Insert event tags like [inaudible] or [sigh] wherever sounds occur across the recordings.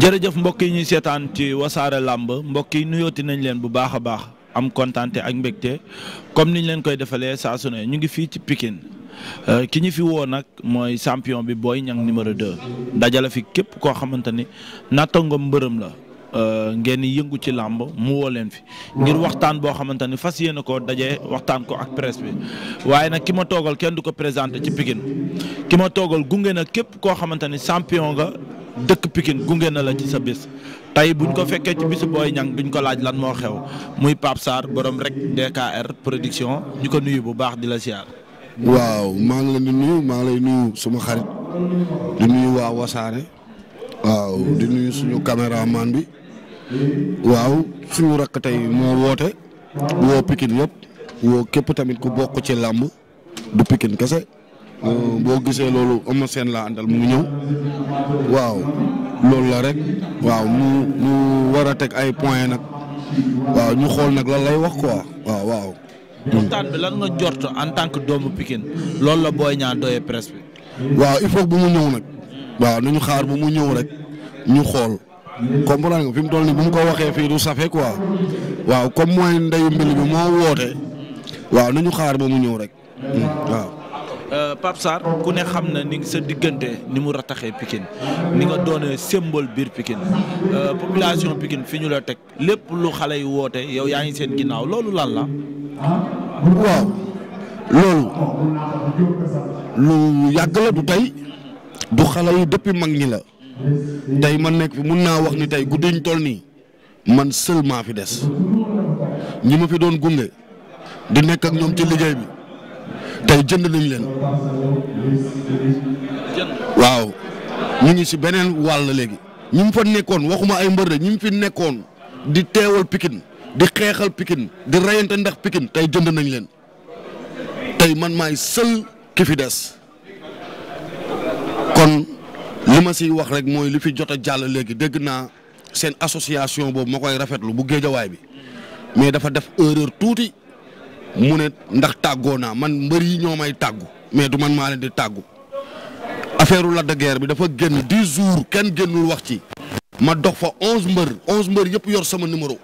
jërëjëf mbokk yi ñuy seetaan ci wasaare làmb mbokk yi nuyooti nañ leen bu baax a baax am kontaan ak mbégte comme niñu leen koy defalee saa su ñu ngi fii ci Pikine euh, ki ñu fi woo nag mooy champion bi booy Niang numéro 2 dajale fi képp koo xamante ni nattangom mbërëm la euh, ngeen yëngu ci làmb mu woo leen fi ngir waxtaan boo xamante ni fas yéene ko dajee waxtaan ko ak presse bi waaye nag ki ma toogal kenn du ko présenté ci Pikine ki ma toogal gunge na képp koo xamante ni champion nga dëkk pikin gunge na la ci sa bis tey buñ ko fekkee ci bisu Boy Niang duñ ko laaj lan moo xew muy Pape Sarr borom rek DKR production ñu ko nuyu bu baax di la siyaar. waaw maa ngi leen di nuyu maa ngi lay nuyu suma xarit di nuyu waa Wasaare waaw di nuyu suñu caméraman bi waaw suñu rakk tey moo woote woo Pikine yëpp woo képp tamit ku bokk ci làmb du Pikine kese. Euh, boo gisee loolu am seen laa àndal mu ngi ñëw waaw loolu la rek waaw mu war a teg ay point nag waaw ñu xool nag la lay wax quoi waaw waaw. waxtaan bi lan nga jort tant que doomu Pikine loolu la Boy Niang doyee bi. waaw il faut bu mu ñëw nag. waaw nañu xaar bu mu ñëw rek ñu xool. comprendre nga fi mu toll ni bu mu ko waxee fii du safe quoi waaw comme mooy ndeyu mbir bi moo woote waaw nañu xaar ba mu ñëw rek hmm, waaw. Pape Sarr ku ne xam na ni sa diggante ni mu rataxee pikin ni nga doone symbole biir pikin euh, population pikin fi ñu la teg lépp lu xale yi woote yow yaa ngi seen ginnaaw loolu lan la. waaw loolu lu yàgg la du tey du xale yi depuis mag ñi la tey man nekk fi mun naa wax ni tey guddi ñu toll nii man maa fi des ñi ma fi doon gunge di nekk ak ñoom ci liggéey bi. tey jënd nañ leen waaw ñu ngi si beneen wàll léegi ñu mu fa nekkoon waxuma ay mbër de ñu mu fi nekkoon di teewal pikin di xeexal pikin di reyante ndax pikin tey jënd nañ leen tey man maay sël ki fi des kon li ma siy wax rek mooy li fi jot a jàll léegi dégg naa seen association boobu ma koy rafetlu bu géejawaay bi mais dafa def erreur tuuti mu ne ndax tàggoo naa man mbër yi ñoo may tàggu mais du man maa leen di tàggu affaire u Lac de bi dafa génn dix jours kenn génnul wax ci. ma dox fa onze mbër onze mbër yëpp yor sama numéro.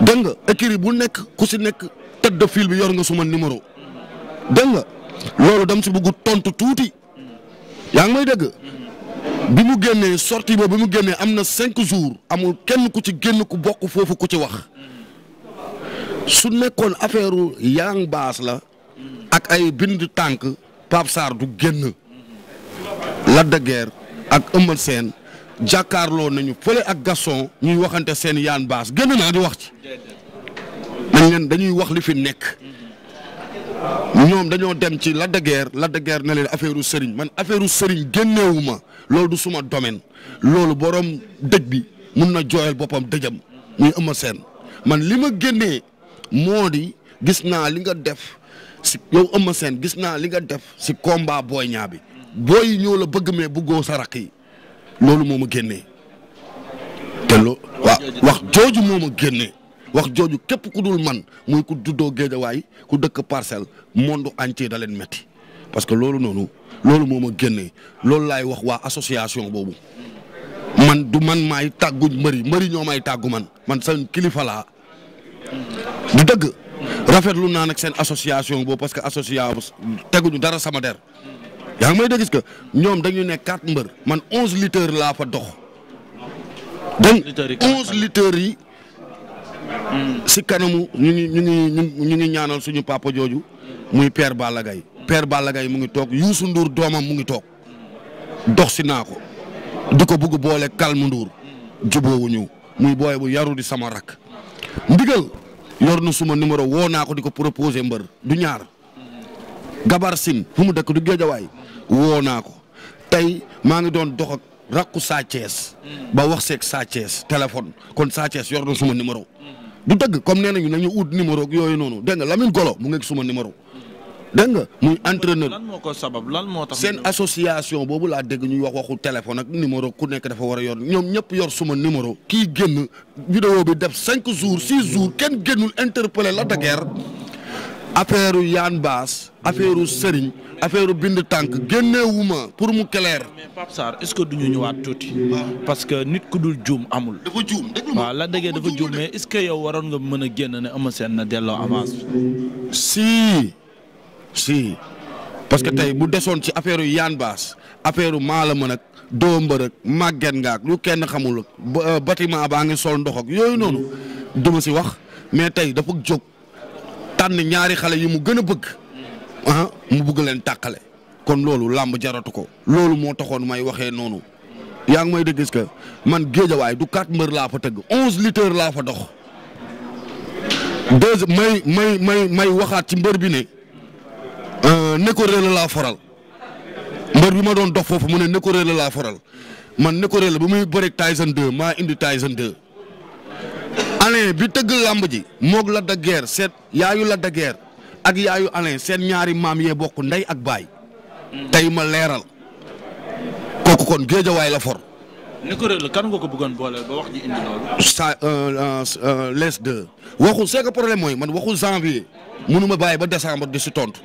dégg nga écurie bu nekk ku si nekk tête de file bi yor nga suma numéro. dégg nga loolu dem si bëgg tontu tuuti. yaa ngi may dégg. bi mu génnee sorti boobu bi mu génnee am na cinq jours amul kenn ku ci génn ku bokk foofu ku ci wax. su nekkoon affaire yang baas la ak ay bind tànk Pape Sarr du génn Lac de Guiers ak Eumeu Sène jàkkaarloo nañu fële ak Gaston ñuy waxante seen yaan baas génn naa di wax ci dañ dañuy wax li fi nekk ñoom dañoo dem ci Lac de Guiers Lac de ne leen affaire sëriñ man affaire u sëriñ génneewu ma loolu du suma domaine loolu boroom dëj bi mun na jooyal boppam dëjam muy Eumeu Sène man li ma génnee moo di gis naa li nga def si yow Eumeu Sène gis naa li nga def si komba booy ñaa bi booy yi ñoo la bëgg mais bëggoo sa rakk yi loolu moom a génne te loo wax jooju moom a génne wax jooju képp ku dul man muy ku juddoo géejawaay ku dëkk parcelle monde entier da leen metti parce que loolu noonu loolu moom a génne loolu laay wax waa association boobu man du man maay tàggu mbëri mbëri ñoo may tàggu man man seen kilifa laa du dëgg rafetlu naa nag seen association boobu parce que association teguñu dara sama der yaa ngi may dégg gis que ñoom dañu ne quatre mbër man onze lutteurs laa fa dox. donc onze lutteurs yi. Hmm. si kanamu ñu ñu ngi ñaanal suñu papa jooju. muy père Balla Gaye per Balla Gaye mu ngi toog Youssou Ndour doomam mu ngi toog. dox si naa ko. di ko bugg boole Calme Ndour. Hmm. jubóowuñu muy booy bu yaru di sama rak ndigal yor na suma numéro woo naa ko di ko proposé mbër du ñaar gabar sin fu mu dëkk du géejawaay woo naa ko tey maa ngi doon dox ak rakku Sa Thiès ba wax seeg Sa Thiès kon Sa yor na suma numéro du dëgg comme nee nañu nañu ut numéro yooyu noonu dégg nga Golo mu ngi suma numéro dégg nga muy entraîneur lan moo ko sabab lan moo tax seen association boobu laa dégg ñuy wax waxu téléphone ak numéro ku nekk dafa war a yor ñoom ñëpp yor suma numéro. kii génn vidéo bi def cinq jours six jours kenn génnul interpellé la daguerre affaire yu Yane Baas affaire yu Serigne affaire bind tànk génnewuma pour mu clair. mais Pape Sarr est-ce que duñu ñëwaat tuuti. Ah. parce que nit ku dul juum amul. dafa juum la waaw dafa juum mais est-ce que yow waroon nga mën a génn ne Eumeu seen na delloo avance. si. si parce que tey bu desoon ci affaire yu yaan baas affaire yu maa la mën ak doo mbër ak màgget ngaak lu kenn xamul ba euh, bâtiment baa ngi sol ndox yooyu noonu duma si wax mais tey dafa jóg tànn ñaari xale yi mu gën a bëgg ah, mu bëgg leen tàqale kon loolu làmb jaratu ko loolu moo taxoon may waxee noonu yaa ngi may dégg est-ce que man géejawaay du quatre mbër laa fa tëgg onze litres laa fa dox deux may may may may waxaat ci mbër bi ne Néko Réel laa faral mbër bi ma doon dox foofu mu ne Néko Réel laa foral man Néko Réel bu muy bëreeg Tyson 2 maa indi Tyson 2. Alain bi tëgg làmb ji moog la da guerre seet la da ak yaayu Alain seen ñaari maam yee bokk ndey ak baay tey ma leeral kooku kon géejawaay la for. Néko Réel kan nga ko bëggoon boole ba wax ji indi loolu. sa euh, euh, euh, les deux waxul c'est problème mooy man waxu janvier mënu ma bàyyi ba décembre di si tontu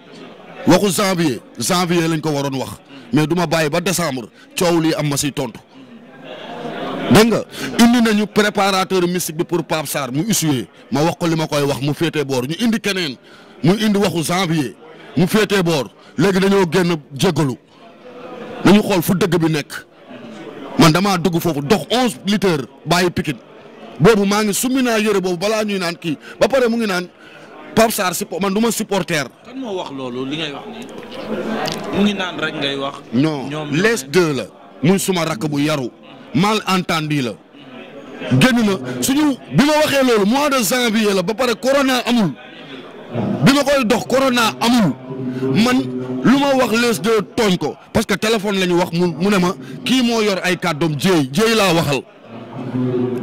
waxu janvier janvier lañ ko waroon wax mais du ma bàyyi ba décembre coow lii am ma si tontu dégg nga indi nañu préparateur missi bi pour Pape Sarr mu issué ma wax ko li ma koy wax mu féetee boor ñu indi keneen mu indi waxu janvier mu féetee boor léegi dañoo génn jéggalu nañu xool fu dëgg bi nekk man damaa dugg foofu dox onze litres bàyyi Pikine boobu maa ngi summi naa yére boobu balaa ñuy naan kii ba pare mu ngi naan. Pape Sarr si man du ma supporter. kan moo wax loolu li ngay wax naan rek ngay wax. non les deux la. muy suma rakk bu yaru. mal entendu la. génn na suñu bi ma waxee loolu mois de janvier la ba pare corona amul bi ma koy dox corona amul man lu ma wax les deux tooñ ko parce que téléphone la ñu wax mu mu ne ma kii moo yor ay kàddoom jéey jéey laa waxal.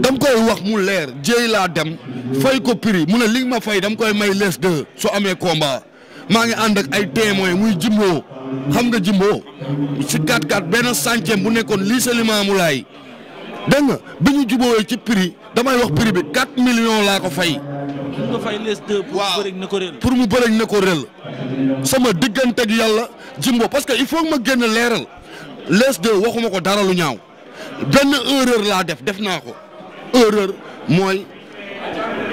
dama koy wax mu leer jéey laa dem fay ko prix mu ne li ma fay dam koy may les deux su amee komba maa ngi ànd ak ay témoins muy jimboo xam nga jimboo si 4-4 benn centième bu nekkoon lii sa limaamu laay dégg nga bi ñu jubóowee ci prix damay wax prix bi 4 million laa ko fay. nga fay pour mu bëreeg ne ko rel pour mu bëreeg ne ko sama diggante ak yàlla Jimbo parce que il faut ma génn leeral les waxuma ko dara lu ñaaw. benn erreur laa def def naa ko erreur mooy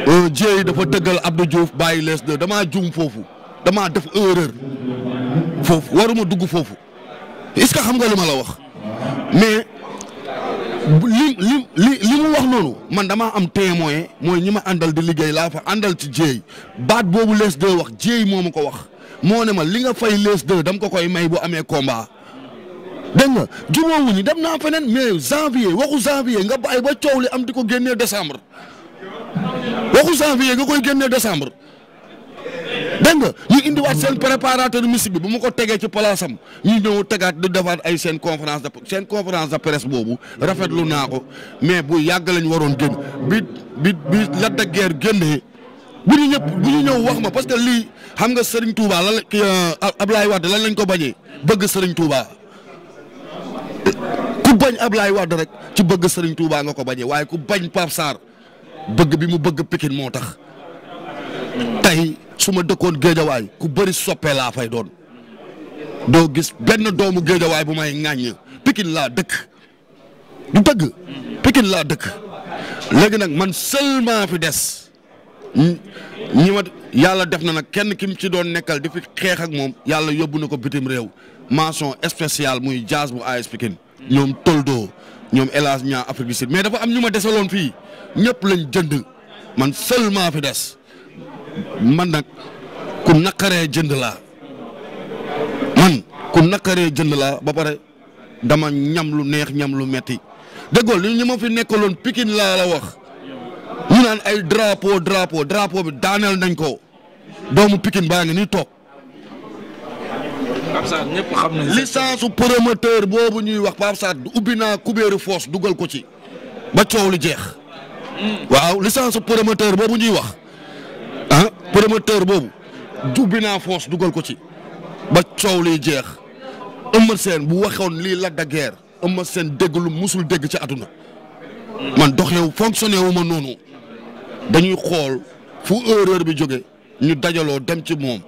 euh, Dieye dafa dëggal Abdou Diouf bàyyi lees de damaa jum foofu damaa def erreur foofu waruma dugg foofu est-ce que xam nga li ma la wax mais li li li li mu wax noonu man damaa am témoin mooy ñi ma àndal di liggéey laa fa àndal ci Dieye baat boobu lees de wax Dieye moo ma ko wax moo ne ma li nga fay lees de dam ko koy may bu amee combat. dégg nga jubóowuñu dem naa feneen mais janvier waxu janvier nga bàyyi ba coow li am di ko génnee décembre waxu janvier nga koy génnee décembre dégg nga indi indiwaat seen préparateur musique bi bu ma ko tegee ci palaasam ñu ñëw tegaat di defaat ay seen conférence de seen conférence de presse boobu rafetlu naa ko mais bu yàgg lañ waroon génn bi bi bi la de guerre génnee bu ñu ñëpp ñëw wax ma parce que lii xam nga sëriñ Touba lan la euh, Ablaye Wade lan lañ ko bañee bëgg sëriñ Touba. ku bañ Ablaye Wade rek ci bëgg Serigne baa nga ko bañee waaye ku bañ Pape Sarr bëgg bi mu bëgg Pikine moo tax tey su ma dëkkoon géejawaay ku bari soppee laa fay doon doo gis benn doomu géejawaay bu may ŋàññ pikin laa dëkk bëgg pikin laa dëkk léegi nag man seulement fi des ñi ma yàlla def na nag kenn ki mu ci doon nekkal di fi xeex ak moom yàlla yóbbu na ko bitim réew mention spéciale muy jazz bu AS Pikine ñoom Toldo ñoom hélas ñaa Afrique du Sud mais dafa am ñu ma desaloon fii ñëpp lañ jënd man seulement fi des man nag ku naqaree jënd laa man ku naqaree jënd laa ba pare dama ñam lu neex ñam lu metti déggool li ñu ma fi nekkaloon Pikine laa la wax naan ay drapeau drapeau drapeau bi daaneel nañ ko doomu Pikine baa ngi nii toog. xam nañ licence su promoteur boobu ñuy wax Pape Sarr ubbi naa kubéeru foos dugal ko ci ba coow li jeex. Hmm. waaw licence su promoteur boobu ñuy wax ah promoteur boobu ubbi naa foos dugal ko ci ba coow liy jeex Eumeu Sène bu waxoon lii la daguerre Eumeu Sène dégg lu musul dégg ci àdduna hmm. man doxewu fonctionné noonu. dañuy xool fu erreur bi jóge ñu dajaloo dem ci moom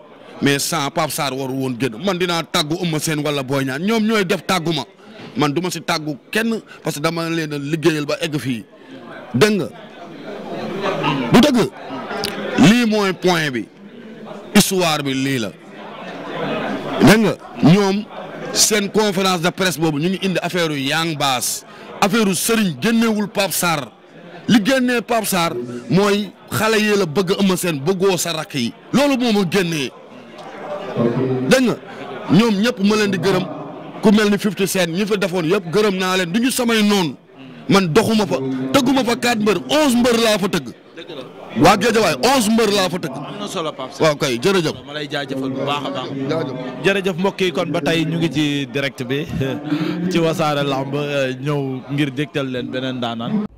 mais sans Pape Sarr waru woon génn man dinaa tàggu Eumeu seen wala Boy ñaan ñoom ñooy def tàggu ma man duma si tàggu kenn parce que dama leen a liggéeyal ba egg fii dégg nga bu dëgg lii mooy point bi histoire bi lii la dégg nga ñoom seen conférence de presse boobu ñu ngi indi affaire yu Yang Baas affaire yu Serigne génnewul Pape Sarr li génnee Pape mooy xale yi la bëgg a ëmma seen bëggoo sa rakk yi loolu moom a génnee dégg nga ñoom ñëpp ma leen di gërëm ku mel ni fifty seen ñi fi defoon yëpp gërëm naa leen du ñu samay noon man doxuma fa tëgguma fa quatre mbër onze mbër laa fa tëgg waa waay onze mbër laa fa tëgg. am na solo Pape jërëjëf. ma lay jaajëfal bu baax a jërëjëf mbokk yi kon ba tey ñu ngi ci direct bi [laughs] ci wasaare lamb ñëw ngir dégtal leen beneen daanaan.